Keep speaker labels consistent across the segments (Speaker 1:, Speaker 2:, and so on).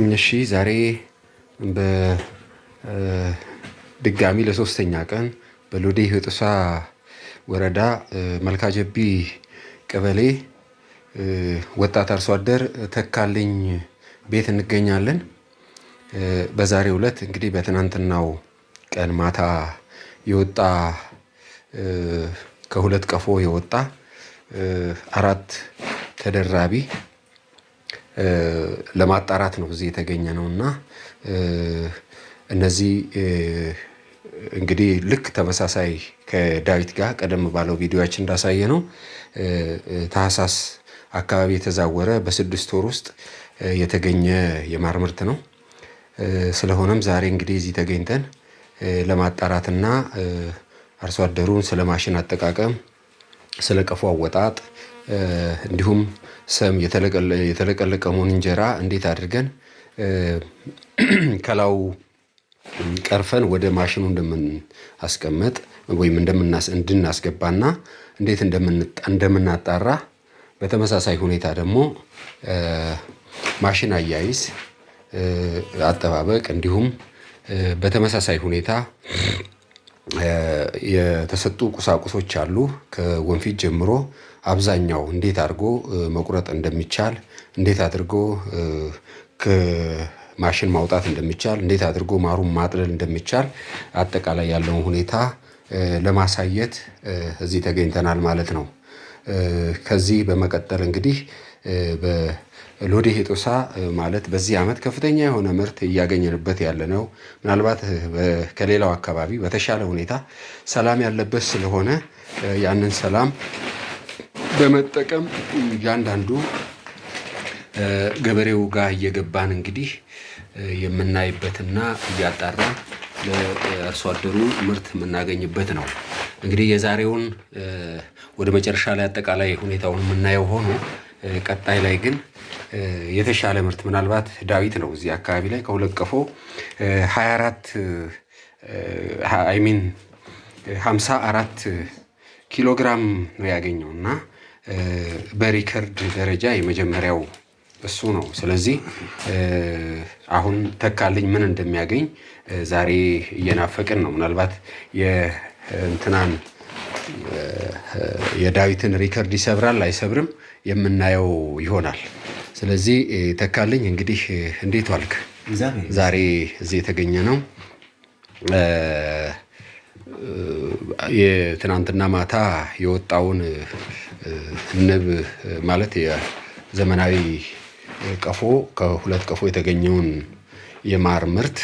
Speaker 1: እሺ ዛሬ በድጋሚ ለሶስተኛ ቀን በሎዴ ህጡሳ ወረዳ መልካጀቢ ቀበሌ ወጣት አርሶ አደር ተካልኝ ቤት እንገኛለን። በዛሬው ዕለት እንግዲህ በትናንትናው ቀን ማታ የወጣ ከሁለት ቀፎ የወጣ አራት ተደራቢ ለማጣራት ነው እዚህ የተገኘ ነው እና እነዚህ እንግዲህ ልክ ተመሳሳይ ከዳዊት ጋር ቀደም ባለው ቪዲዮችን እንዳሳየ ነው ታህሳስ አካባቢ የተዛወረ በስድስት ወር ውስጥ የተገኘ የማር ምርት ነው። ስለሆነም ዛሬ እንግዲህ እዚህ ተገኝተን ለማጣራትና አርሶ አደሩን ስለ ማሽን አጠቃቀም፣ ስለ ቀፎ አወጣጥ እንዲሁም ሰም የተለቀለቀውን እንጀራ እንዴት አድርገን ከላዩ ቀርፈን ወደ ማሽኑ እንደምናስቀመጥ ወይም እንድናስገባና እንዴት እንደምናጣራ በተመሳሳይ ሁኔታ ደግሞ ማሽን አያይዝ አጠባበቅ እንዲሁም በተመሳሳይ ሁኔታ የተሰጡ ቁሳቁሶች አሉ ከወንፊት ጀምሮ አብዛኛው እንዴት አድርጎ መቁረጥ እንደሚቻል እንዴት አድርጎ ማሽን ማውጣት እንደሚቻል እንዴት አድርጎ ማሩን ማጥለል እንደሚቻል አጠቃላይ ያለውን ሁኔታ ለማሳየት እዚህ ተገኝተናል ማለት ነው። ከዚህ በመቀጠል እንግዲህ በሎዴ ሄጦሳ ማለት በዚህ ዓመት ከፍተኛ የሆነ ምርት እያገኘንበት ያለ ነው። ምናልባት ከሌላው አካባቢ በተሻለ ሁኔታ ሰላም ያለበት ስለሆነ ያንን ሰላም በመጠቀም እያንዳንዱ ገበሬው ጋር እየገባን እንግዲህ የምናይበትና እያጣራን ለአርሶ አደሩ ምርት የምናገኝበት ነው። እንግዲህ የዛሬውን ወደ መጨረሻ ላይ አጠቃላይ ሁኔታውን የምናየው ሆኖ ቀጣይ ላይ ግን የተሻለ ምርት ምናልባት ዳዊት ነው እዚህ አካባቢ ላይ ከሁለት ቀፎ ሚን ሀምሳ አራት ኪሎ ግራም ነው ያገኘው እና በሪከርድ ደረጃ የመጀመሪያው እሱ ነው። ስለዚህ አሁን ተካልኝ ምን እንደሚያገኝ ዛሬ እየናፈቅን ነው። ምናልባት የእንትናን የዳዊትን ሪከርድ ይሰብራል አይሰብርም የምናየው ይሆናል። ስለዚህ ተካልኝ እንግዲህ እንዴት ዋልክ? ዛሬ እዚህ የተገኘ ነው። የትናንትና ማታ የወጣውን ንብ ማለት የዘመናዊ ቀፎ ከሁለት ቀፎ የተገኘውን የማር ምርት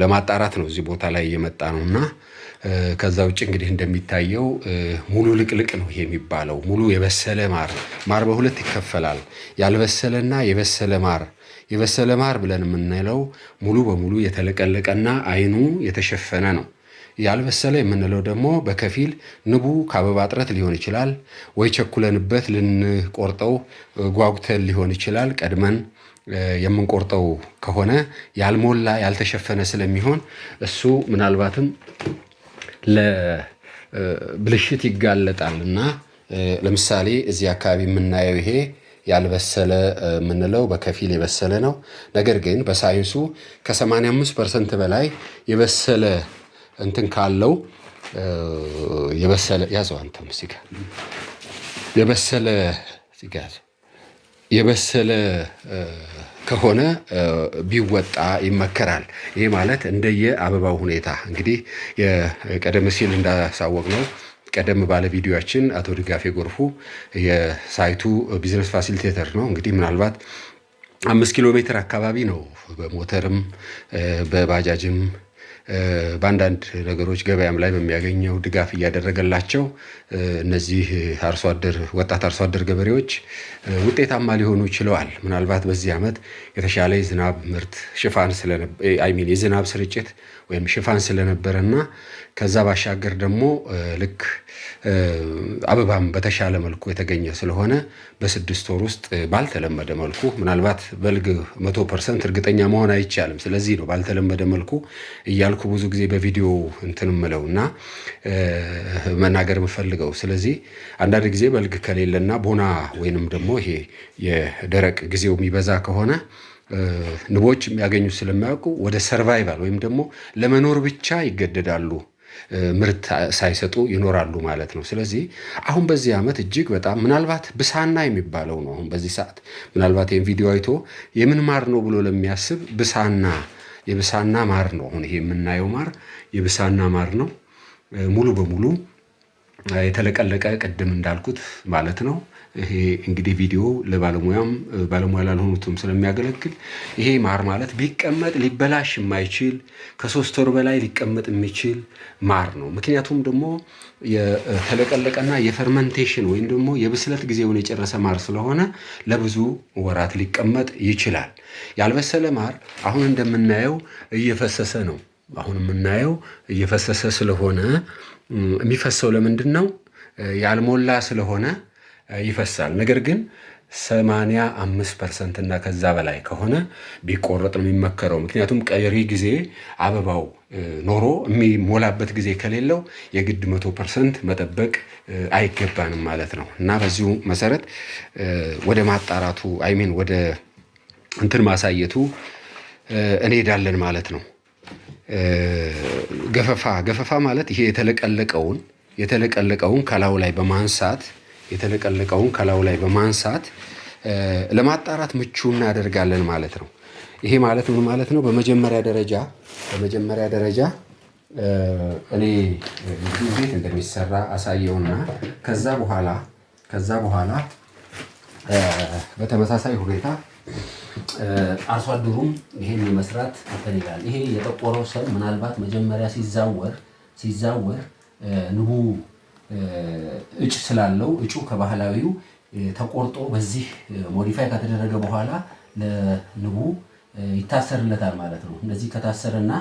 Speaker 1: ለማጣራት ነው እዚህ ቦታ ላይ የመጣ ነው እና ከዛ ውጭ እንግዲህ እንደሚታየው ሙሉ ልቅልቅ ነው ይሄ የሚባለው። ሙሉ የበሰለ ማር ማር በሁለት ይከፈላል። ያልበሰለና የበሰለ ማር የበሰለ ማር ብለን የምንለው ሙሉ በሙሉ የተለቀለቀና አይኑ የተሸፈነ ነው። ያልበሰለ የምንለው ደግሞ በከፊል ንቡ ከአበባ እጥረት ሊሆን ይችላል ወይ ቸኩለንበት ልንቆርጠው ጓጉተን ሊሆን ይችላል። ቀድመን የምንቆርጠው ከሆነ ያልሞላ ያልተሸፈነ ስለሚሆን እሱ ምናልባትም ለብልሽት ይጋለጣል እና ለምሳሌ እዚህ አካባቢ የምናየው ይሄ ያልበሰለ የምንለው በከፊል የበሰለ ነው። ነገር ግን በሳይንሱ ከ85 ፐርሰንት በላይ የበሰለ እንትን ካለው የበሰለ ያዘው አንተም ሲጋር የበሰለ ሲጋር የበሰለ ከሆነ ቢወጣ ይመከራል። ይህ ማለት እንደየ አበባው ሁኔታ እንግዲህ ቀደም ሲል እንዳሳወቅ ነው። ቀደም ባለ ቪዲዮችን አቶ ድጋፌ ጎርፉ የሳይቱ ቢዝነስ ፋሲሊቴተር ነው። እንግዲህ ምናልባት አምስት ኪሎ ሜትር አካባቢ ነው በሞተርም በባጃጅም በአንዳንድ ነገሮች ገበያም ላይ በሚያገኘው ድጋፍ እያደረገላቸው እነዚህ አርሶ አደር ወጣት አርሶ አደር ገበሬዎች ውጤታማ ሊሆኑ ችለዋል። ምናልባት በዚህ ዓመት የተሻለ የዝናብ ምርት ሽፋን አይሚን የዝናብ ስርጭት ወይም ሽፋን ስለነበረ እና ከዛ ባሻገር ደግሞ ልክ አበባም በተሻለ መልኩ የተገኘ ስለሆነ በስድስት ወር ውስጥ ባልተለመደ መልኩ ምናልባት በልግ መቶ ፐርሰንት እርግጠኛ መሆን አይቻልም። ስለዚህ ነው ባልተለመደ መልኩ እያልኩ እያልኩ ብዙ ጊዜ በቪዲዮ እንትን ምለው እና መናገር የምፈልገው ስለዚህ አንዳንድ ጊዜ በልግ ከሌለና ቦና ወይንም ደግሞ ይሄ የደረቅ ጊዜው የሚበዛ ከሆነ ንቦች የሚያገኙት ስለማያውቁ ወደ ሰርቫይቫል ወይም ደግሞ ለመኖር ብቻ ይገደዳሉ። ምርት ሳይሰጡ ይኖራሉ ማለት ነው። ስለዚህ አሁን በዚህ ዓመት እጅግ በጣም ምናልባት ብሳና የሚባለው ነው። አሁን በዚህ ሰዓት ምናልባት ይህን ቪዲዮ አይቶ የምን ማር ነው ብሎ ለሚያስብ ብሳና የብሳና ማር ነው። አሁን ይሄ የምናየው ማር የብሳና ማር ነው። ሙሉ በሙሉ የተለቀለቀ ቅድም እንዳልኩት ማለት ነው። ይሄ እንግዲህ ቪዲዮ ለባለሙያም ባለሙያ ላልሆኑትም ስለሚያገለግል ይሄ ማር ማለት ቢቀመጥ ሊበላሽ የማይችል ከሶስት ወር በላይ ሊቀመጥ የሚችል ማር ነው። ምክንያቱም ደግሞ የተለቀለቀና የፈርመንቴሽን ወይም ደግሞ የብስለት ጊዜውን የጨረሰ ማር ስለሆነ ለብዙ ወራት ሊቀመጥ ይችላል። ያልበሰለ ማር አሁን እንደምናየው እየፈሰሰ ነው። አሁን የምናየው እየፈሰሰ ስለሆነ የሚፈሰው ለምንድን ነው? ያልሞላ ስለሆነ ይፈሳል። ነገር ግን ሰማንያ አምስት ፐርሰንት እና ከዛ በላይ ከሆነ ቢቆረጥ ነው የሚመከረው። ምክንያቱም ቀሪ ጊዜ አበባው ኖሮ የሚሞላበት ጊዜ ከሌለው የግድ መቶ ፐርሰንት መጠበቅ አይገባንም ማለት ነው እና በዚሁ መሰረት ወደ ማጣራቱ አይሜን ወደ እንትን ማሳየቱ እንሄዳለን ማለት ነው። ገፈፋ ገፈፋ ማለት ይሄ የተለቀለቀውን የተለቀለቀውን ከላዩ ላይ በማንሳት የተለቀለቀውን ከላዩ ላይ በማንሳት ለማጣራት ምቹ እናደርጋለን ማለት ነው። ይሄ ማለት ምን ማለት ነው? በመጀመሪያ ደረጃ በመጀመሪያ ደረጃ እኔ እንዴት እንደሚሰራ አሳየውና ከዛ በኋላ ከዛ በኋላ በተመሳሳይ ሁኔታ አርሶ አደሩም ይሄን የመስራት እንትን ይላል። ይሄ የጠቆረው ሰም ምናልባት መጀመሪያ ሲዛወር ሲዛወር ንቡ እጭ ስላለው እጩ ከባህላዊው ተቆርጦ በዚህ ሞዲፋይ ከተደረገ በኋላ ለንቡ ይታሰርለታል ማለት ነው። እንደዚህ ከታሰረና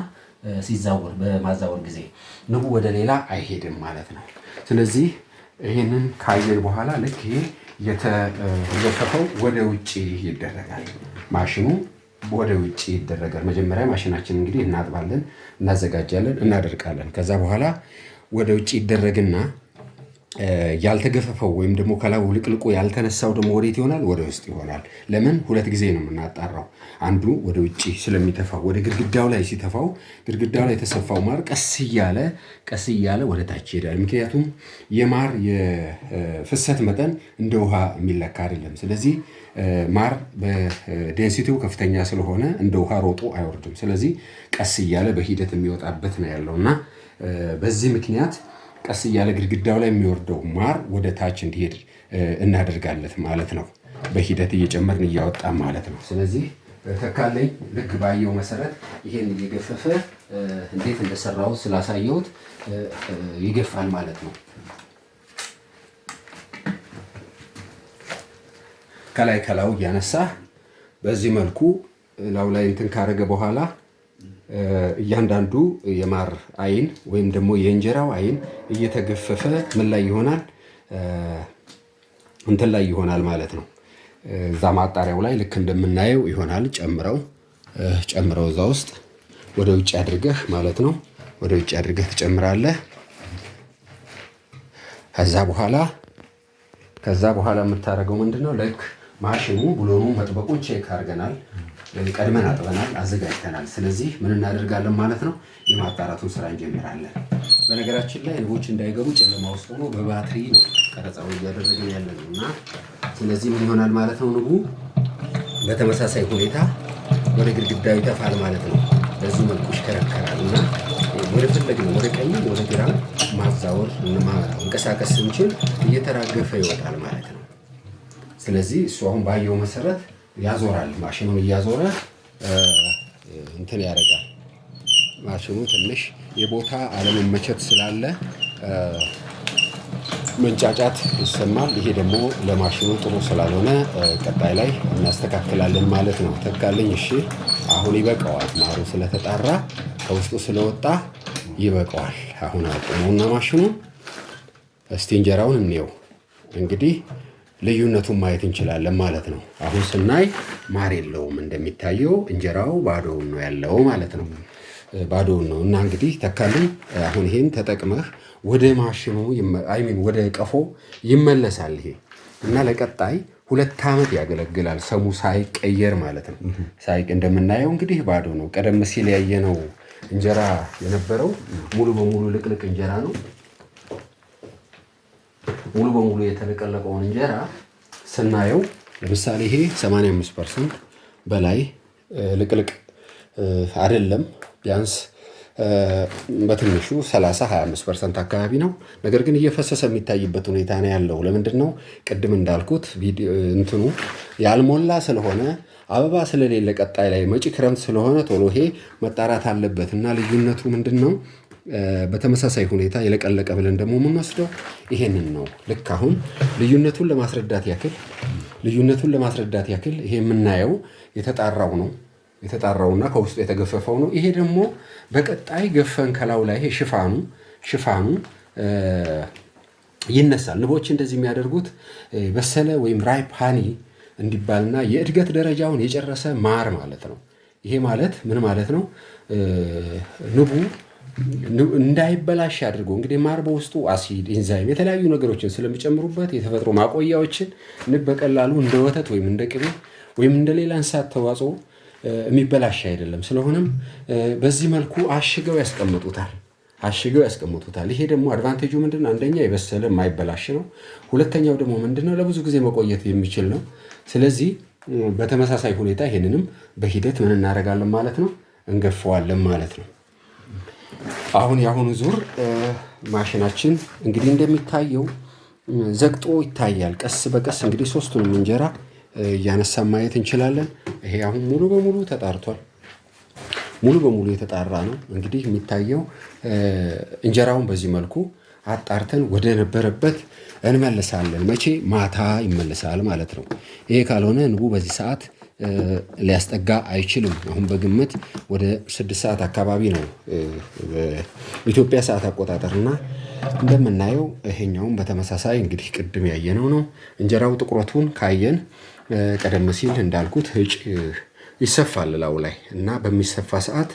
Speaker 1: ሲዛወር በማዛወር ጊዜ ንቡ ወደ ሌላ አይሄድም ማለት ነው። ስለዚህ ይህንን ካየን በኋላ ልክ ይሄ የተዘፈፈው ወደ ውጭ ይደረጋል። ማሽኑ ወደ ውጭ ይደረጋል። መጀመሪያ ማሽናችን እንግዲህ እናጥባለን፣ እናዘጋጃለን፣ እናደርቃለን። ከዛ በኋላ ወደ ውጭ ይደረግና ያልተገፈፈው ወይም ደግሞ ከላይ ውልቅልቁ ያልተነሳው ደግሞ ወዴት ይሆናል? ወደ ውስጥ ይሆናል። ለምን? ሁለት ጊዜ ነው የምናጣራው። አንዱ ወደ ውጭ ስለሚተፋው ወደ ግድግዳው ላይ ሲተፋው፣ ግድግዳው ላይ የተሰፋው ማር ቀስ እያለ ቀስ እያለ ወደ ታች ይሄዳል። ምክንያቱም የማር የፍሰት መጠን እንደ ውሃ የሚለካ አይደለም። ስለዚህ ማር በዴንሲቲው ከፍተኛ ስለሆነ እንደ ውሃ ሮጦ አይወርድም። ስለዚህ ቀስ እያለ በሂደት የሚወጣበት ነው ያለው እና በዚህ ምክንያት ቀስ እያለ ግድግዳው ላይ የሚወርደው ማር ወደ ታች እንዲሄድ እናደርጋለት ማለት ነው። በሂደት እየጨመርን እያወጣ ማለት ነው። ስለዚህ ተካለኝ ልክ ባየው መሰረት ይሄን እየገፈፈ እንዴት እንደሰራው ስላሳየሁት ይገፋል ማለት ነው። ከላይ ከላው እያነሳ በዚህ መልኩ ላው ላይ እንትን ካረገ በኋላ እያንዳንዱ የማር አይን ወይም ደግሞ የእንጀራው አይን እየተገፈፈ ምን ላይ ይሆናል እንትን ላይ ይሆናል ማለት ነው። እዛ ማጣሪያው ላይ ልክ እንደምናየው ይሆናል። ጨምረው ጨምረው እዛ ውስጥ ወደ ውጭ አድርገህ ማለት ነው። ወደ ውጭ አድርገህ ትጨምራለህ። ከዛ በኋላ ከዛ በኋላ የምታደርገው ምንድን ነው? ልክ ማሽኑ ብሎኑ መጥበቁን ቼክ አድርገናል። ቀድመን አጥበናል፣ አዘጋጅተናል። ስለዚህ ምን እናደርጋለን ማለት ነው? የማጣራቱን ስራ እንጀምራለን። በነገራችን ላይ ንቦች እንዳይገቡ ጨለማ ውስጥ ሆኖ በባትሪ ነው ቀረጻውን እያደረግን ያለ ነው እና ስለዚህ ምን ይሆናል ማለት ነው? ንቡ በተመሳሳይ ሁኔታ ወደ ግድግዳው ይተፋል ማለት ነው። በዚህ መልኩ ይሽከረከራል እና ወደ ነው ወደ ቀኝ ወደ ግራ ማዛወር እንቀሳቀስ ስንችል እየተራገፈ ይወጣል ማለት ነው። ስለዚህ እሱ አሁን ባየው መሰረት ያዞራል። ማሽኑን እያዞረ እንትን ያደርጋል። ማሽኑ ትንሽ የቦታ አለመመቸት ስላለ መንጫጫት ይሰማል። ይሄ ደግሞ ለማሽኑ ጥሩ ስላልሆነ ቀጣይ ላይ እናስተካክላለን ማለት ነው። ተካለኝ እሺ፣ አሁን ይበቃዋል። ማሩ ስለተጣራ ከውስጡ ስለወጣ ይበቃዋል። አሁን አቁመውና ማሽኑ እስቲ እንጀራውን እንየው እንግዲህ ልዩነቱን ማየት እንችላለን ማለት ነው። አሁን ስናይ ማር የለውም እንደሚታየው እንጀራው ባዶውን ነው ያለው ማለት ነው። ባዶውን ነው እና እንግዲህ ተካልኝ አሁን ይሄን ተጠቅመህ ወደ ማሽኑ አይሚን ወደ ቀፎ ይመለሳል ይሄ እና ለቀጣይ ሁለት ዓመት ያገለግላል ሰሙ ሳይቀየር ማለት ነው። ሳይቅ እንደምናየው እንግዲህ ባዶ ነው። ቀደም ሲል ያየነው እንጀራ የነበረው ሙሉ በሙሉ ልቅልቅ እንጀራ ነው። ሙሉ በሙሉ የተለቀለቀውን እንጀራ ስናየው ለምሳሌ ይሄ 85 ፐርሰንት በላይ ልቅልቅ አይደለም። ቢያንስ በትንሹ 30 25 ፐርሰንት አካባቢ ነው። ነገር ግን እየፈሰሰ የሚታይበት ሁኔታ ነው ያለው። ለምንድን ነው? ቅድም እንዳልኩት እንትኑ ያልሞላ ስለሆነ አበባ ስለሌለ ቀጣይ ላይ መጪ ክረምት ስለሆነ ቶሎ ይሄ መጣራት አለበት እና ልዩነቱ ምንድን ነው? በተመሳሳይ ሁኔታ የለቀለቀ ብለን ደግሞ የምንወስደው ይሄንን ነው። ልክ አሁን ልዩነቱን ለማስረዳት ያክል ልዩነቱን ለማስረዳት ያክል ይሄ የምናየው የተጣራው ነው የተጣራውና ከውስጡ የተገፈፈው ነው። ይሄ ደግሞ በቀጣይ ገፈን ከላው ላይ ይሄ ሽፋኑ ሽፋኑ ይነሳል። ንቦች እንደዚህ የሚያደርጉት በሰለ ወይም ራይፕ ሃኒ እንዲባልና የእድገት ደረጃውን የጨረሰ ማር ማለት ነው። ይሄ ማለት ምን ማለት ነው? ንቡ እንዳይበላሽ አድርጎ እንግዲህ ማር በውስጡ አሲድ፣ ኢንዛይም የተለያዩ ነገሮችን ስለሚጨምሩበት የተፈጥሮ ማቆያዎችን ንብ በቀላሉ እንደ ወተት ወይም እንደ ቅቤ ወይም እንደ ሌላ እንስሳት ተዋጽኦ የሚበላሽ አይደለም። ስለሆነም በዚህ መልኩ አሽገው ያስቀምጡታል አሽገው ያስቀምጡታል። ይሄ ደግሞ አድቫንቴጁ ምንድን ነው? አንደኛ የበሰለ የማይበላሽ ነው። ሁለተኛው ደግሞ ምንድን ነው? ለብዙ ጊዜ መቆየት የሚችል ነው። ስለዚህ በተመሳሳይ ሁኔታ ይህንንም በሂደት ምን እናደርጋለን ማለት ነው? እንገፈዋለን ማለት ነው። አሁን የአሁኑ ዙር ማሽናችን እንግዲህ እንደሚታየው ዘግጦ ይታያል። ቀስ በቀስ እንግዲህ ሶስቱንም እንጀራ እያነሳን ማየት እንችላለን። ይሄ አሁን ሙሉ በሙሉ ተጣርቷል። ሙሉ በሙሉ የተጣራ ነው። እንግዲህ የሚታየው እንጀራውን በዚህ መልኩ አጣርተን ወደ ነበረበት እንመለሳለን። መቼ ማታ ይመለሳል ማለት ነው። ይሄ ካልሆነ ንቡ በዚህ ሰዓት ሊያስጠጋ አይችልም። አሁን በግምት ወደ ስድስት ሰዓት አካባቢ ነው በኢትዮጵያ ሰዓት አቆጣጠርና እንደምናየው ይሄኛውም በተመሳሳይ እንግዲህ ቅድም ያየነው ነው። እንጀራው ጥቁረቱን ካየን ቀደም ሲል እንዳልኩት እጭ ይሰፋል ላው ላይ እና በሚሰፋ ሰዓት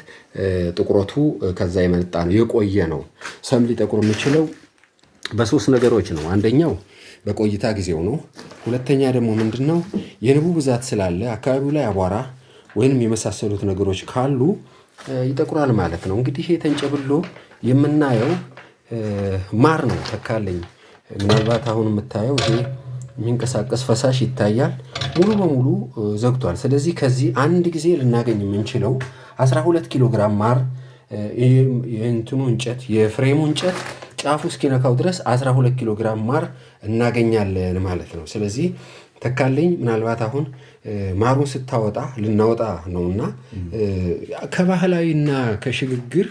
Speaker 1: ጥቁረቱ ከዛ የመጣ ነው የቆየ ነው። ሰም ሊጠቁር የሚችለው በሶስት ነገሮች ነው። አንደኛው በቆይታ ጊዜው ነው። ሁለተኛ ደግሞ ምንድን ነው የንቡ ብዛት ስላለ አካባቢው ላይ አቧራ ወይንም የመሳሰሉት ነገሮች ካሉ ይጠቁራል ማለት ነው። እንግዲህ ይሄ ተንጨብሎ የምናየው ማር ነው። ተካለኝ ምናልባት አሁን የምታየው ይሄ የሚንቀሳቀስ ፈሳሽ ይታያል። ሙሉ በሙሉ ዘግቷል። ስለዚህ ከዚህ አንድ ጊዜ ልናገኝ የምንችለው 12 ኪሎ ግራም ማር የእንትኑ እንጨት የፍሬሙ እንጨት ጫፉ እስኪነካው ድረስ 12 ኪሎ ግራም ማር እናገኛለን ማለት ነው። ስለዚህ ተካልኝ ምናልባት አሁን ማሩን ስታወጣ ልናወጣ ነው እና ከባህላዊና ከሽግግር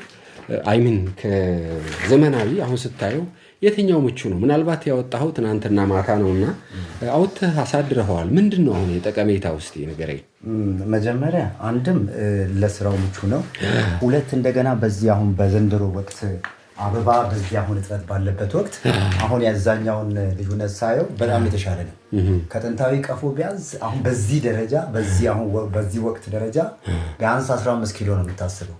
Speaker 1: አይምን ከዘመናዊ አሁን ስታየው የትኛው ምቹ ነው? ምናልባት ያወጣኸው ትናንትና ማታ ነው እና አውጥተህ አሳድረኸዋል። ምንድን ነው አሁን የጠቀሜታ ውስጥ ንገረኝ።
Speaker 2: መጀመሪያ አንድም ለስራው ምቹ ነው። ሁለት እንደገና በዚህ አሁን በዘንድሮ ወቅት አበባ በዚህ አሁን እጥረት ባለበት ወቅት አሁን ያዛኛውን ልዩነት ሳየው በጣም የተሻለ ነው። ከጥንታዊ ቀፎ ቢያንስ አሁን በዚህ ደረጃ በዚህ አሁን በዚህ ወቅት ደረጃ ቢያንስ 15 ኪሎ ነው የምታስበው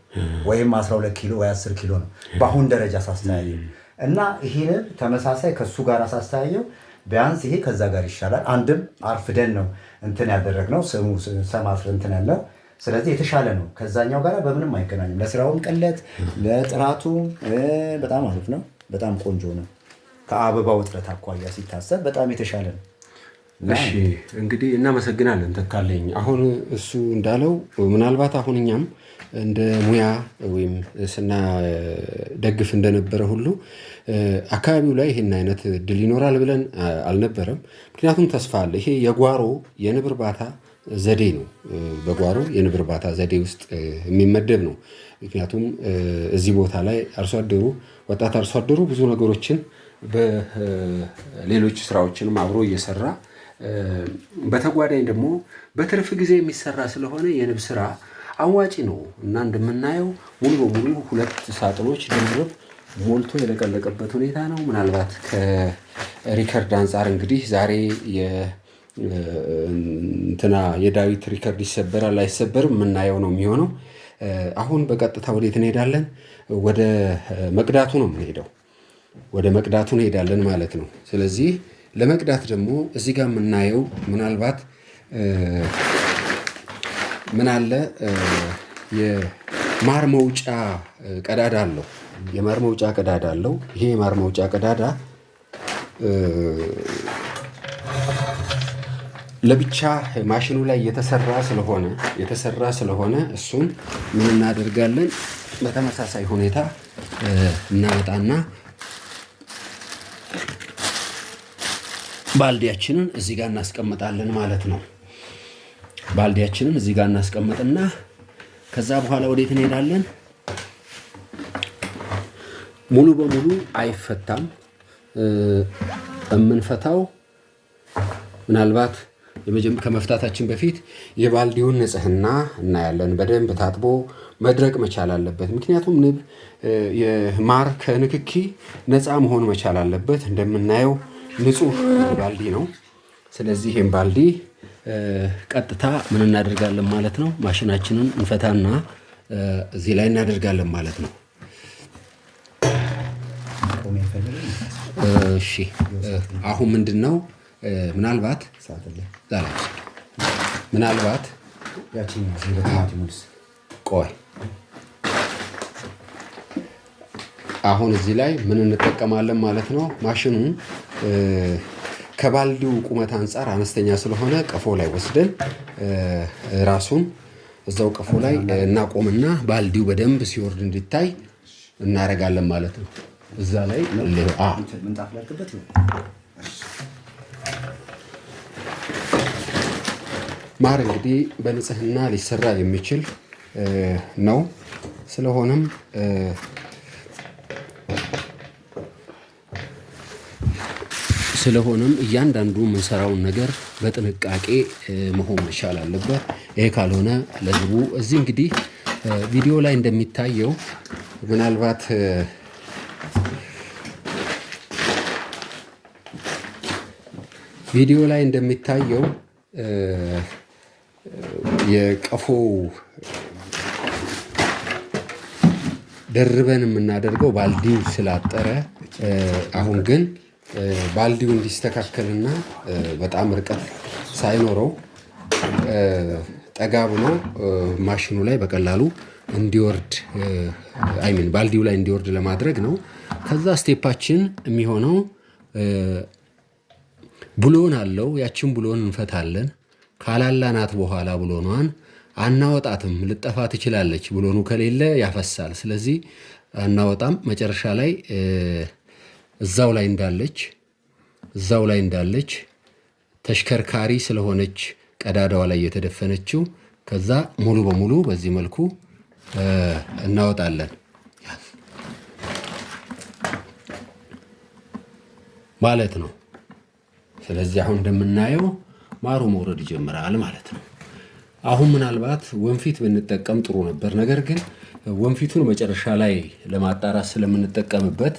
Speaker 2: ወይም 12 ኪሎ ወይ 10 ኪሎ ነው በአሁን ደረጃ ሳስተያየው እና ይሄን ተመሳሳይ ከሱ ጋር ሳስተያየው ቢያንስ ይሄ ከዛ ጋር ይሻላል። አንድም አርፍደን ነው እንትን ያደረግነው ስሙ ሰማስር እንትን ያለው ስለዚህ የተሻለ ነው ከዛኛው ጋር በምንም አይገናኝም። ለስራውም ቀለት ለጥራቱ በጣም አሪፍ ነው። በጣም ቆንጆ ነው። ከአበባው ውጥረት አኳያ ሲታሰብ በጣም የተሻለ ነው።
Speaker 1: እሺ እንግዲህ እናመሰግናለን ተካለኝ። አሁን እሱ እንዳለው ምናልባት አሁን እኛም እንደ ሙያ ወይም ስናደግፍ እንደነበረ ሁሉ አካባቢው ላይ ይህን አይነት እድል ይኖራል ብለን አልነበረም። ምክንያቱም ተስፋ አለ። ይሄ የጓሮ የንብ እርባታ ዘዴ ነው። በጓሮ የንብ እርባታ ዘዴ ውስጥ የሚመደብ ነው። ምክንያቱም እዚህ ቦታ ላይ አርሶ አደሩ ወጣት አርሶ አደሩ ብዙ ነገሮችን በሌሎች ስራዎችንም አብሮ እየሰራ በተጓዳኝ ደግሞ በትርፍ ጊዜ የሚሰራ ስለሆነ የንብ ስራ አዋጪ ነው እና እንደምናየው ሙሉ በሙሉ ሁለት ሳጥኖች ድርብ ሞልቶ የለቀለቀበት ሁኔታ ነው። ምናልባት ከሪከርድ አንጻር እንግዲህ ዛሬ እንትና የዳዊት ሪከርድ ይሰበራል አይሰበርም የምናየው ነው የሚሆነው። አሁን በቀጥታ ወዴት እንሄዳለን? ወደ መቅዳቱ ነው የምንሄደው። ወደ መቅዳቱ እንሄዳለን ማለት ነው። ስለዚህ ለመቅዳት ደግሞ እዚህ ጋር የምናየው ምናልባት ምን አለ የማር መውጫ ቀዳዳ አለው። የማር መውጫ ቀዳዳ አለው። ይሄ የማር መውጫ ቀዳዳ ለብቻ ማሽኑ ላይ የተሰራ ስለሆነ የተሰራ ስለሆነ እሱን ምን እናደርጋለን? በተመሳሳይ ሁኔታ እናመጣና ባልዲያችንን እዚህ ጋር እናስቀምጣለን ማለት ነው። ባልዲያችንን እዚህ ጋር እናስቀምጥና ከዛ በኋላ ወዴት እንሄዳለን? ሙሉ በሙሉ አይፈታም። የምንፈታው ምናልባት ከመፍታታችን በፊት የባልዲውን ንጽህና እናያለን። በደንብ ታጥቦ መድረቅ መቻል አለበት። ምክንያቱም ንብ ማር ከንክኪ ነፃ መሆን መቻል አለበት። እንደምናየው ንጹህ ባልዲ ነው። ስለዚህ ይህም ባልዲ ቀጥታ ምን እናደርጋለን ማለት ነው? ማሽናችንን እንፈታና እዚህ ላይ እናደርጋለን ማለት ነው። አሁን ምንድን ነው ምናልባት ምናልባት ቆይ አሁን እዚህ ላይ ምን እንጠቀማለን ማለት ነው። ማሽኑ ከባልዲው ቁመት አንጻር አነስተኛ ስለሆነ ቀፎ ላይ ወስደን ራሱን እዛው ቀፎ ላይ እናቆምና ባልዲው በደንብ ሲወርድ እንዲታይ እናደርጋለን ማለት ነው። እዛ ላይ ማር እንግዲህ በንጽህና ሊሰራ የሚችል ነው። ስለሆነም ስለሆነም እያንዳንዱ የምንሰራውን ነገር በጥንቃቄ መሆን መቻል አለበት። ይሄ ካልሆነ ለህዝቡ እዚህ እንግዲህ ቪዲዮ ላይ እንደሚታየው ምናልባት ቪዲዮ ላይ እንደሚታየው የቀፎ ደርበን የምናደርገው ባልዲው ስላጠረ አሁን ግን ባልዲው እንዲስተካከልና በጣም ርቀት ሳይኖረው ጠጋ ብሎ ማሽኑ ላይ በቀላሉ እንዲወርድ አይሚን ባልዲው ላይ እንዲወርድ ለማድረግ ነው። ከዛ ስቴፓችን የሚሆነው ብሎን አለው። ያችን ብሎን እንፈታለን። ካላላናት በኋላ ብሎኗን አናወጣትም ልጠፋ ትችላለች ብሎኑ ከሌለ ያፈሳል። ስለዚህ አናወጣም። መጨረሻ ላይ እዛው ላይ እንዳለች እዛው ላይ እንዳለች ተሽከርካሪ ስለሆነች ቀዳዳዋ ላይ የተደፈነችው ከዛ ሙሉ በሙሉ በዚህ መልኩ እናወጣለን ማለት ነው። ስለዚህ አሁን እንደምናየው ማሩ መውረድ ይጀምራል ማለት ነው። አሁን ምናልባት ወንፊት ብንጠቀም ጥሩ ነበር። ነገር ግን ወንፊቱን መጨረሻ ላይ ለማጣራት ስለምንጠቀምበት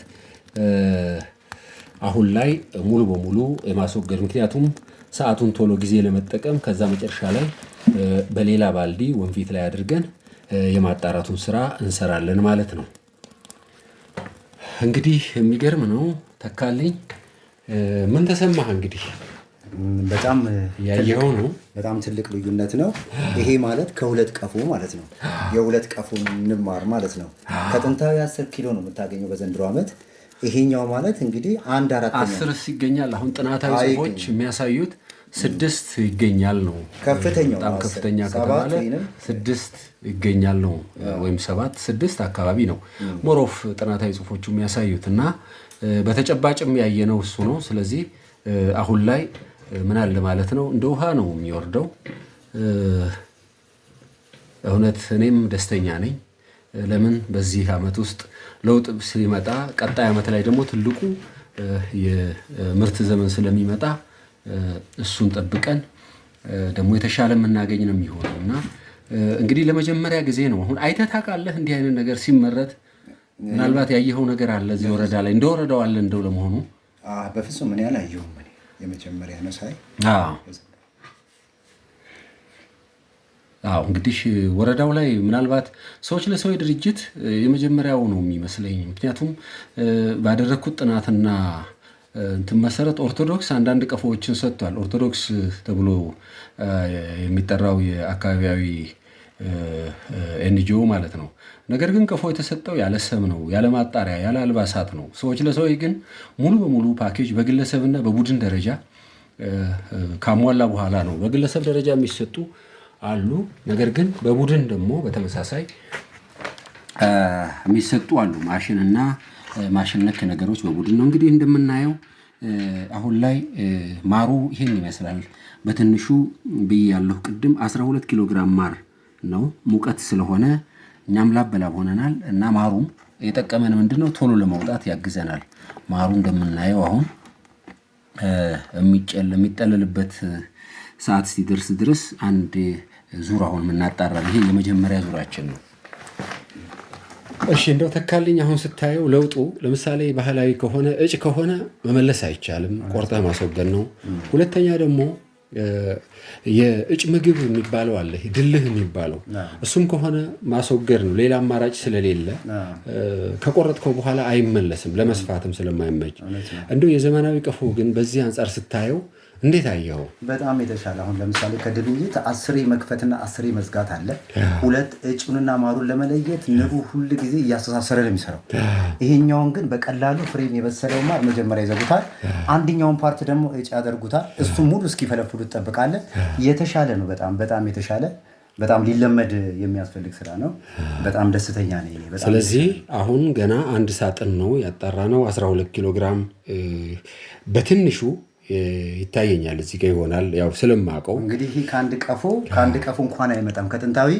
Speaker 1: አሁን ላይ ሙሉ በሙሉ የማስወገድ ምክንያቱም ሰዓቱን ቶሎ ጊዜ ለመጠቀም ከዛ መጨረሻ ላይ በሌላ ባልዲ ወንፊት ላይ አድርገን የማጣራቱን ስራ እንሰራለን ማለት ነው። እንግዲህ የሚገርም ነው ተካልኝ። ምን ተሰማህ እንግዲህ? በጣም ያየኸው ነው።
Speaker 2: በጣም ትልቅ ልዩነት ነው። ይሄ ማለት ከሁለት ቀፎ ማለት ነው። የሁለት ቀፎ ንማር ማለት ነው። ከጥንታዊ አስር ኪሎ ነው የምታገኘው በዘንድሮ ዓመት። ይሄኛው ማለት እንግዲህ አንድ አራት
Speaker 1: አስር ይገኛል። አሁን ጥናታዊ ጽሁፎች የሚያሳዩት ስድስት ይገኛል ነው ከፍተኛው። በጣም ከፍተኛ ከተባለ ስድስት ይገኛል ነው ወይም ሰባት ስድስት አካባቢ ነው ሞሮፍ ጥናታዊ ጽሁፎቹ የሚያሳዩት እና በተጨባጭም ያየነው እሱ ነው። ስለዚህ አሁን ላይ ምን አለ ማለት ነው፣ እንደ ውሃ ነው የሚወርደው። እውነት እኔም ደስተኛ ነኝ። ለምን በዚህ ዓመት ውስጥ ለውጥ ሲመጣ ቀጣይ ዓመት ላይ ደግሞ ትልቁ የምርት ዘመን ስለሚመጣ እሱን ጠብቀን ደግሞ የተሻለ የምናገኝ ነው የሚሆነው እና እንግዲህ ለመጀመሪያ ጊዜ ነው አሁን አይተህ ታውቃለህ እንዲህ አይነት ነገር ሲመረት ምናልባት ያየኸው ነገር አለ እዚህ ወረዳ ላይ እንደ ወረዳው አለ እንደው ለመሆኑ
Speaker 2: በፍጹም እኔ አላየሁም የመጀመሪያ ነው ሳይ
Speaker 1: አዎ እንግዲህ ወረዳው ላይ ምናልባት ሰዎች ለሰው ድርጅት የመጀመሪያው ነው የሚመስለኝ። ምክንያቱም ባደረግኩት ጥናትና እንትን መሰረት ኦርቶዶክስ አንዳንድ ቀፎዎችን ሰጥቷል። ኦርቶዶክስ ተብሎ የሚጠራው የአካባቢያዊ ኤንጂኦ ማለት ነው። ነገር ግን ቀፎ የተሰጠው ያለ ሰም ነው፣ ያለ ማጣሪያ፣ ያለ አልባሳት ነው። ሰዎች ለሰዎች ግን ሙሉ በሙሉ ፓኬጅ በግለሰብና በቡድን ደረጃ ካሟላ በኋላ ነው በግለሰብ ደረጃ የሚሰጡ አሉ። ነገር ግን በቡድን ደግሞ በተመሳሳይ የሚሰጡ አሉ። ማሽንና ማሽን ነክ ነገሮች በቡድን ነው። እንግዲህ እንደምናየው አሁን ላይ ማሩ ይሄን ይመስላል። በትንሹ ብዬ ያለሁ ቅድም 12 ኪሎ ግራም ማር ነው ሙቀት ስለሆነ እኛም ላብ በላብ ሆነናል እና ማሩም የጠቀመን ምንድን ነው ቶሎ ለመውጣት ያግዘናል። ማሩ እንደምናየው አሁን የሚጠለልበት ሰዓት ሲደርስ ድረስ አንድ ዙር አሁን የምናጣራል። ይሄ የመጀመሪያ ዙራችን ነው። እሺ እንደው ተካልኝ አሁን ስታየው ለውጡ ለምሳሌ ባህላዊ ከሆነ እጭ ከሆነ መመለስ አይቻልም፣ ቆርጠ ማስወገድ ነው። ሁለተኛ ደግሞ የእጭ ምግብ የሚባለው አለ፣ ድልህ የሚባለው እሱም ከሆነ ማስወገድ ነው። ሌላ አማራጭ ስለሌለ ከቆረጥከው በኋላ አይመለስም፣ ለመስፋትም ስለማይመች። እንደው የዘመናዊ ቀፎ ግን በዚህ አንጻር ስታየው እንዴት አየው?
Speaker 2: በጣም የተሻለ አሁን ለምሳሌ ከድብይት አስሬ መክፈትና አስሬ መዝጋት አለ። ሁለት እጩንና ማሩን ለመለየት ንቡ ሁል ጊዜ እያስተሳሰረ ነው የሚሰራው። ይሄኛውን ግን በቀላሉ ፍሬም የበሰለው ማር መጀመሪያ ይዘጉታል። አንደኛውን ፓርት ደግሞ እጭ ያደርጉታል። እሱ ሙሉ እስኪፈለፍሉ ትጠብቃለ። የተሻለ ነው። በጣም በጣም የተሻለ በጣም ሊለመድ የሚያስፈልግ ስራ ነው። በጣም ደስተኛ ነኝ።
Speaker 1: ስለዚህ አሁን ገና አንድ ሳጥን ነው ያጣራ ነው 12 ኪሎ ግራም በትንሹ ይታየኛል እዚህ ጋ ይሆናል ያው ስለማውቀው
Speaker 2: እንግዲህ ይህ ከአንድ ቀፎ ከአንድ ቀፎ እንኳን አይመጣም። ከጥንታዊ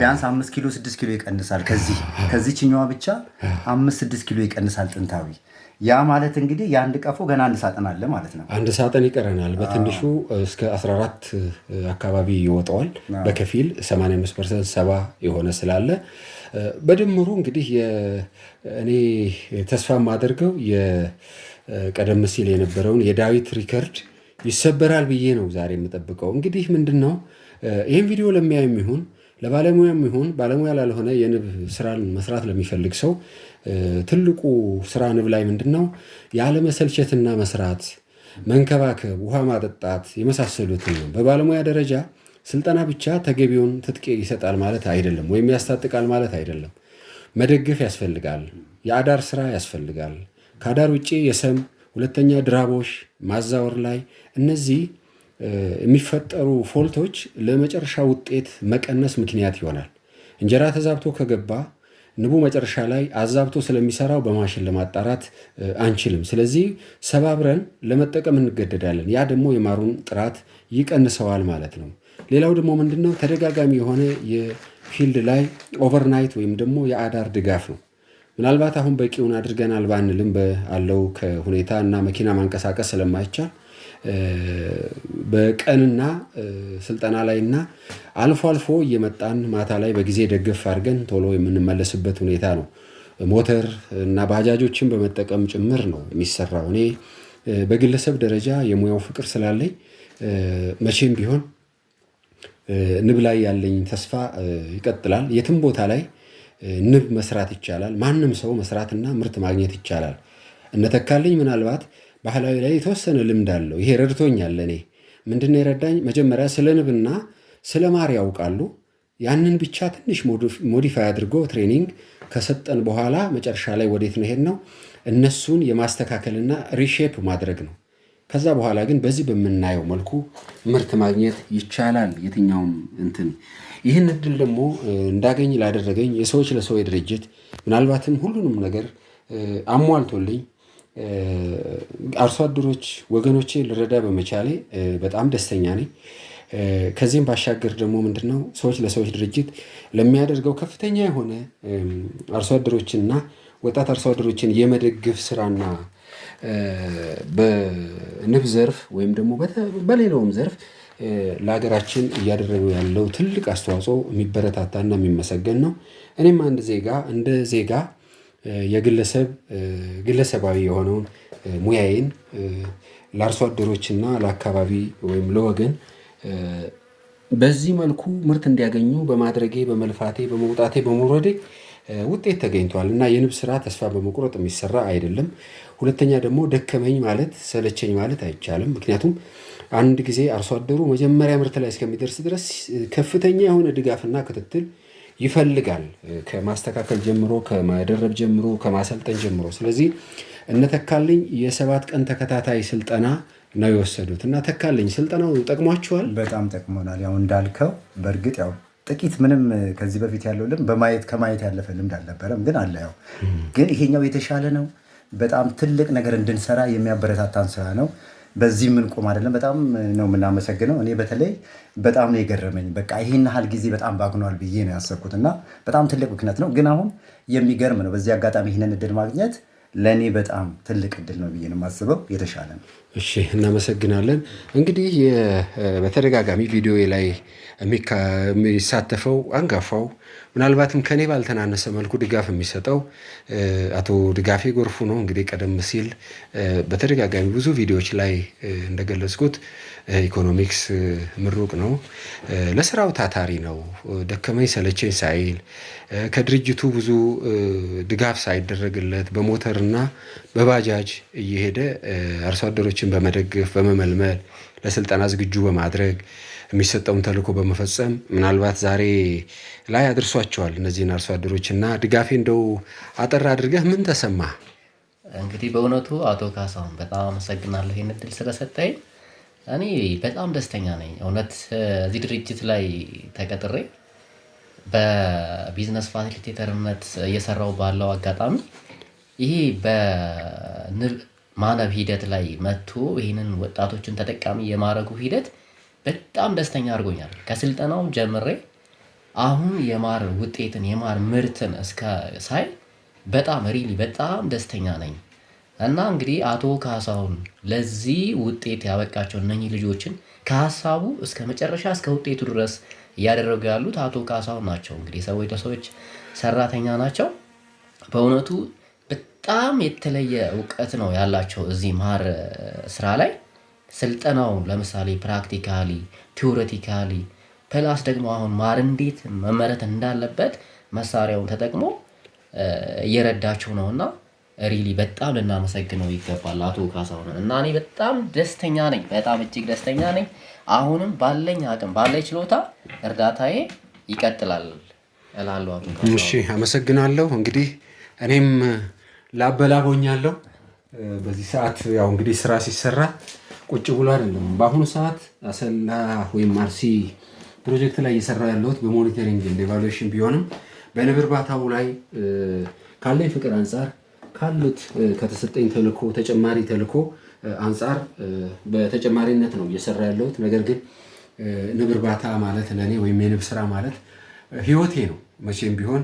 Speaker 2: ቢያንስ አምስት ኪሎ ስድስት ኪሎ ይቀንሳል። ከዚህ ከዚህ ችኛዋ ብቻ አምስት ስድስት ኪሎ ይቀንሳል ጥንታዊ። ያ ማለት እንግዲህ የአንድ ቀፎ ገና አንድ ሳጥን አለ ማለት ነው።
Speaker 1: አንድ ሳጥን ይቀረናል። በትንሹ እስከ 14 አካባቢ ይወጣዋል። በከፊል 85 ፐርሰንት ሰባ የሆነ ስላለ በድምሩ እንግዲህ እኔ ተስፋ የማደርገው ቀደም ሲል የነበረውን የዳዊት ሪከርድ ይሰበራል ብዬ ነው ዛሬ የምጠብቀው። እንግዲህ ምንድን ነው ይህን ቪዲዮ ለሚያይም ይሁን ለባለሙያም ይሁን ባለሙያ ላልሆነ የንብ ስራን መስራት ለሚፈልግ ሰው ትልቁ ስራ ንብ ላይ ምንድን ነው ያለመሰልቸትና መስራት፣ መንከባከብ፣ ውሃ ማጠጣት የመሳሰሉትን ነው። በባለሙያ ደረጃ ስልጠና ብቻ ተገቢውን ትጥቅ ይሰጣል ማለት አይደለም፣ ወይም ያስታጥቃል ማለት አይደለም። መደገፍ ያስፈልጋል። የአዳር ስራ ያስፈልጋል። ከአዳር ውጪ የሰም ሁለተኛ ድራቦሽ ማዛወር ላይ እነዚህ የሚፈጠሩ ፎልቶች ለመጨረሻ ውጤት መቀነስ ምክንያት ይሆናል። እንጀራ ተዛብቶ ከገባ ንቡ መጨረሻ ላይ አዛብቶ ስለሚሰራው በማሽን ለማጣራት አንችልም። ስለዚህ ሰባብረን ለመጠቀም እንገደዳለን። ያ ደግሞ የማሩን ጥራት ይቀንሰዋል ማለት ነው። ሌላው ደግሞ ምንድነው ተደጋጋሚ የሆነ የፊልድ ላይ ኦቨርናይት ወይም ደግሞ የአዳር ድጋፍ ነው። ምናልባት አሁን በቂውን አድርገናል ባንልም አለው ከሁኔታ እና መኪና ማንቀሳቀስ ስለማይቻል በቀንና ስልጠና ላይና አልፎ አልፎ እየመጣን ማታ ላይ በጊዜ ደገፍ አድርገን ቶሎ የምንመለስበት ሁኔታ ነው። ሞተር እና ባጃጆችን በመጠቀም ጭምር ነው የሚሰራው። እኔ በግለሰብ ደረጃ የሙያው ፍቅር ስላለኝ መቼም ቢሆን ንብ ላይ ያለኝ ተስፋ ይቀጥላል። የትም ቦታ ላይ ንብ መስራት ይቻላል። ማንም ሰው መስራትና ምርት ማግኘት ይቻላል። እነተካልኝ ምናልባት ባህላዊ ላይ የተወሰነ ልምድ አለው። ይሄ ረድቶኛል። ለእኔ ምንድነው የረዳኝ? መጀመሪያ ስለ ንብና ስለ ማር ያውቃሉ። ያንን ብቻ ትንሽ ሞዲፋይ አድርጎ ትሬኒንግ ከሰጠን በኋላ መጨረሻ ላይ ወዴት ነው ሄድ ነው እነሱን የማስተካከልና ሪሼፕ ማድረግ ነው። ከዛ በኋላ ግን በዚህ በምናየው መልኩ ምርት ማግኘት ይቻላል። የትኛውም እንትን ይህን እድል ደግሞ እንዳገኝ ላደረገኝ የሰዎች ለሰው ድርጅት ምናልባትም ሁሉንም ነገር አሟልቶልኝ አርሶ አደሮች ወገኖቼ ልረዳ በመቻሌ በጣም ደስተኛ ነኝ። ከዚህም ባሻገር ደግሞ ምንድነው ሰዎች ለሰዎች ድርጅት ለሚያደርገው ከፍተኛ የሆነ አርሶ አደሮችንና ወጣት አርሶ አደሮችን ስራና በንብ ዘርፍ ወይም ደግሞ በሌላውም ዘርፍ ለሀገራችን እያደረገው ያለው ትልቅ አስተዋጽኦ የሚበረታታና የሚመሰገን ነው። እኔም አንድ ዜጋ እንደ ዜጋ የግለሰብ ግለሰባዊ የሆነውን ሙያዬን ለአርሶ አደሮችና ለአካባቢ ወይም ለወገን በዚህ መልኩ ምርት እንዲያገኙ በማድረጌ በመልፋቴ በመውጣቴ በመውረዴ ውጤት ተገኝቷል እና የንብ ስራ ተስፋ በመቁረጥ የሚሰራ አይደለም። ሁለተኛ ደግሞ ደከመኝ ማለት ሰለቸኝ ማለት አይቻልም። ምክንያቱም አንድ ጊዜ አርሶ አደሩ መጀመሪያ ምርት ላይ እስከሚደርስ ድረስ ከፍተኛ የሆነ ድጋፍና ክትትል ይፈልጋል። ከማስተካከል ጀምሮ፣ ከመደረብ ጀምሮ፣ ከማሰልጠን ጀምሮ። ስለዚህ እነተካልኝ የሰባት ቀን ተከታታይ ስልጠና ነው የወሰዱት እና ተካልኝ ስልጠናው ጠቅሟችኋል?
Speaker 2: በጣም ጠቅሞናል። ያው እንዳልከው በእርግጥ ያው ጥቂት ምንም ከዚህ በፊት ያለው ልምድ በማየት ከማየት ያለፈ ልምድ አልነበረም፣ ግን አለ ያው ግን ይሄኛው የተሻለ ነው በጣም ትልቅ ነገር እንድንሰራ የሚያበረታታን ስራ ነው። በዚህ ምን ቆም አይደለም። በጣም ነው የምናመሰግነው። እኔ በተለይ በጣም ነው የገረመኝ። በቃ ይህን ያህል ጊዜ በጣም ባግኗል ብዬ ነው ያሰብኩት እና በጣም ትልቅ ምክንያት ነው። ግን አሁን የሚገርም ነው። በዚህ አጋጣሚ ይህንን እድል ማግኘት ለእኔ በጣም ትልቅ እድል ነው ብዬ ነው የማስበው። የተሻለ ነው።
Speaker 1: እሺ፣ እናመሰግናለን። እንግዲህ በተደጋጋሚ ቪዲዮ ላይ የሚሳተፈው አንጋፋው ምናልባትም ከኔ ባልተናነሰ መልኩ ድጋፍ የሚሰጠው አቶ ድጋፌ ጎርፉ ነው። እንግዲህ ቀደም ሲል በተደጋጋሚ ብዙ ቪዲዮዎች ላይ እንደገለጽኩት ኢኮኖሚክስ ምሩቅ ነው። ለስራው ታታሪ ነው። ደከመኝ ሰለቸኝ ሳይል ከድርጅቱ ብዙ ድጋፍ ሳይደረግለት በሞተርና በባጃጅ እየሄደ አርሶ አደሮችን በመደገፍ በመመልመል ለስልጠና ዝግጁ በማድረግ የሚሰጠውን ተልዕኮ በመፈጸም ምናልባት ዛሬ ላይ አድርሷቸዋል እነዚህን አርሶ አደሮች እና ድጋፌ እንደው አጠር አድርገህ ምን ተሰማ?
Speaker 2: እንግዲህ በእውነቱ አቶ ካሳሁን በጣም አመሰግናለሁ ይህን እድል ስለሰጠኝ። እኔ በጣም ደስተኛ ነኝ። እውነት እዚህ ድርጅት ላይ ተቀጥሬ በቢዝነስ ፋሲሊቴተርነት እየሰራው ባለው አጋጣሚ ይሄ በንብ ማነብ ሂደት ላይ መጥቶ ይህንን ወጣቶችን ተጠቃሚ የማድረጉ ሂደት በጣም ደስተኛ አድርጎኛል። ከስልጠናው ጀምሬ አሁን የማር ውጤትን የማር ምርትን እስከ ሳይ በጣም ሪሊ በጣም ደስተኛ ነኝ። እና እንግዲህ አቶ ካሳሁን ለዚህ ውጤት ያበቃቸው እነኚህ ልጆችን ከሀሳቡ እስከ መጨረሻ እስከ ውጤቱ ድረስ እያደረጉ ያሉት አቶ ካሳሁን ናቸው። እንግዲህ ሰዎች ለሰዎች ሰራተኛ ናቸው። በእውነቱ በጣም የተለየ እውቀት ነው ያላቸው እዚህ ማር ስራ ላይ ስልጠናውን ለምሳሌ ፕራክቲካሊ ቲዎሬቲካሊ ፕላስ ደግሞ አሁን ማር እንዴት መመረት እንዳለበት መሳሪያውን ተጠቅሞ እየረዳችው ነው እና ሪሊ በጣም ልናመሰግነው ይገባል አቶ ካሳሁንን እና እኔ በጣም ደስተኛ ነኝ። በጣም እጅግ ደስተኛ ነኝ። አሁንም ባለኝ አቅም ባለኝ ችሎታ እርዳታዬ ይቀጥላል
Speaker 1: እላለሁ። አቶ እሺ፣ አመሰግናለሁ። እንግዲህ እኔም ላበላቦኛለሁ። በዚህ ሰዓት ያው እንግዲህ ስራ ሲሰራ ቁጭ ብሎ አይደለም። በአሁኑ ሰዓት አሰላ ወይም አርሲ ፕሮጀክት ላይ እየሰራ ያለሁት በሞኒተሪንግ ኢቫሉዌሽን ቢሆንም በንብ እርባታው ላይ ካለኝ ፍቅር አንጻር ካሉት ከተሰጠኝ ተልኮ ተጨማሪ ተልኮ አንጻር በተጨማሪነት ነው እየሰራ ያለሁት። ነገር ግን ንብ እርባታ ማለት ለእኔ ወይም የንብ ስራ ማለት ህይወቴ ነው። መቼም ቢሆን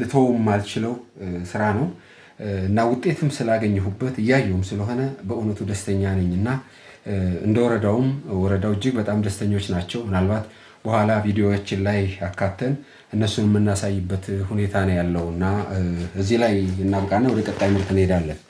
Speaker 1: ልተውም ማልችለው ስራ ነው። እና ውጤትም ስላገኘሁበት እያየሁም ስለሆነ በእውነቱ ደስተኛ ነኝ እና እንደ ወረዳውም ወረዳው እጅግ በጣም ደስተኞች ናቸው። ምናልባት በኋላ ቪዲዮዎችን ላይ አካተን እነሱን የምናሳይበት ሁኔታ ነው ያለው እና እዚህ ላይ እናብቃና ወደ ቀጣይ ምርት እንሄዳለን።